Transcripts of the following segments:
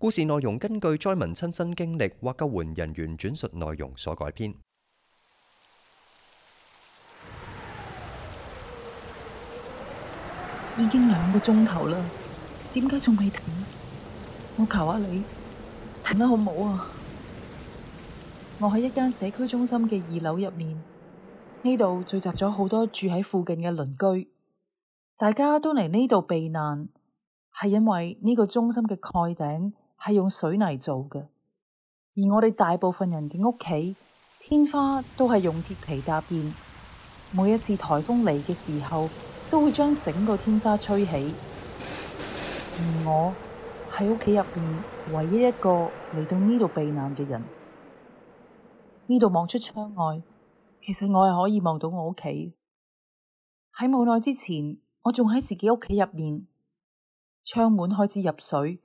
故事內容根據災民親身經歷或救援人員轉述內容所改編。已經兩個鐘頭啦，點解仲未停？我求下你，停得好唔好啊！我喺一間社區中心嘅二樓入面，呢度聚集咗好多住喺附近嘅鄰居，大家都嚟呢度避難，係因為呢個中心嘅蓋頂，係用水泥做嘅，而我哋大部分人嘅屋企天花都係用鐵皮搭建。每一次颱風嚟嘅時候，都會將整個天花吹起。而我喺屋企入面，唯一一個嚟到呢度避難嘅人。呢度望出窗外，其實我係可以望到我屋企。喺冇耐之前，我仲喺自己屋企入面，窗門開始入水。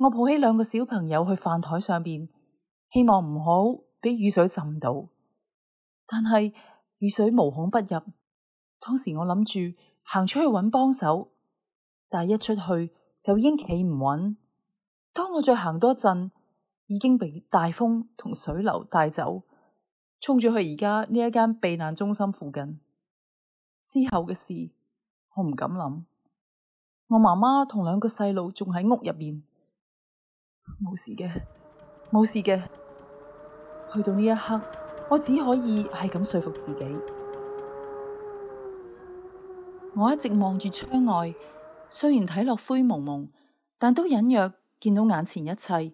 我抱起兩個小朋友去飯台上邊，希望唔好俾雨水浸到。但係雨水無孔不入，當時我諗住行出去揾幫手，但一出去就已經企唔穩。當我再行多陣，已經被大風同水流帶走，沖咗去而家呢一間避難中心附近。之後嘅事我唔敢諗。我媽媽同兩個細路仲喺屋入邊。冇事嘅，冇事嘅。去到呢一刻，我只可以係咁說服自己。我一直望住窗外，雖然睇落灰蒙蒙，但都隱約見到眼前一切，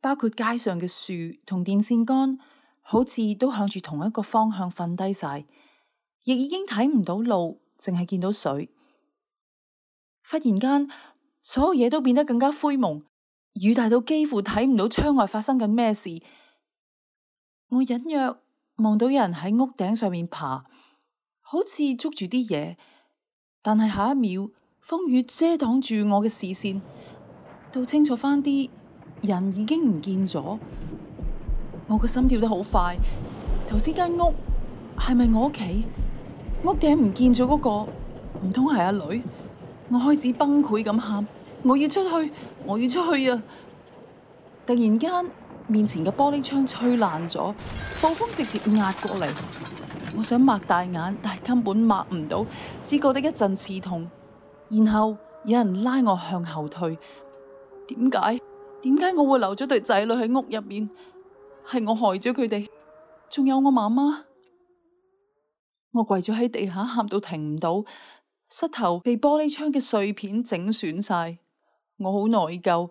包括街上嘅樹同電線杆，好似都向住同一個方向瞓低晒，亦已經睇唔到路，淨係見到水。忽然間，所有嘢都變得更加灰蒙。雨大到幾乎睇唔到窗外發生緊咩事，我隱約望到有人喺屋頂上面爬，好似捉住啲嘢，但係下一秒風雨遮擋住我嘅視線，到清楚翻啲人已經唔見咗，我個心跳得好快，頭先間屋係咪我屋企？屋頂唔見咗嗰個，唔通係阿女？我開始崩潰咁喊。我要出去，我要出去啊！突然間，面前嘅玻璃窗吹爛咗，暴風直接壓過嚟。我想擘大眼，但係根本擘唔到，只覺得一陣刺痛。然後有人拉我向後退。點解？點解我會留咗對仔女喺屋入面？係我害咗佢哋，仲有我媽媽。我跪咗喺地下，喊到停唔到，膝頭被玻璃窗嘅碎片整損晒。我好內疚，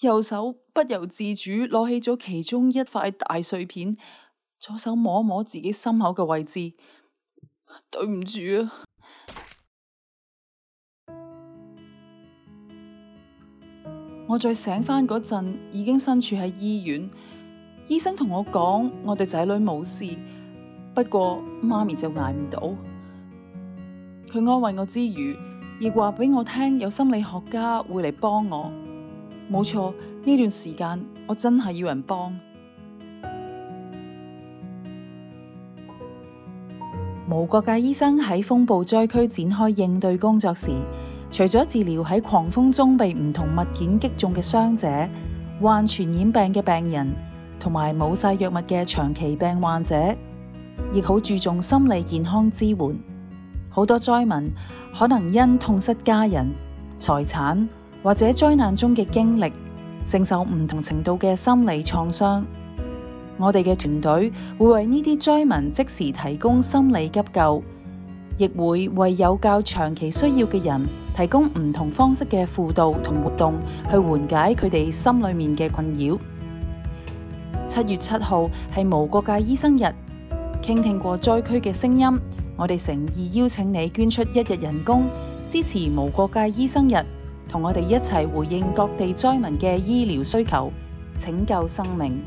右手不由自主攞起咗其中一塊大碎片，左手摸摸自己心口嘅位置。對唔住啊！ 我再醒返嗰陣，已經身處喺醫院，醫生同我講我哋仔女冇事，不過媽咪就捱唔到。佢安慰我之餘。亦話俾我聽，有心理學家會嚟幫我。冇錯，呢段時間我真係要人幫。無國界醫生喺風暴災區展開應對工作時，除咗治療喺狂風中被唔同物件擊中嘅傷者、患傳染病嘅病人同埋冇晒藥物嘅長期病患者，亦好注重心理健康支援。好多災民可能因痛失家人、財產或者災難中嘅經歷，承受唔同程度嘅心理創傷。我哋嘅團隊會為呢啲災民即時提供心理急救，亦會為有較長期需要嘅人提供唔同方式嘅輔導同活動，去緩解佢哋心裡面嘅困擾。七月七號係無國界醫生日，傾聽過災區嘅聲音。我哋誠意邀請你捐出一日人工，支持無國界醫生日，同我哋一齊回應各地災民嘅醫療需求，拯救生命。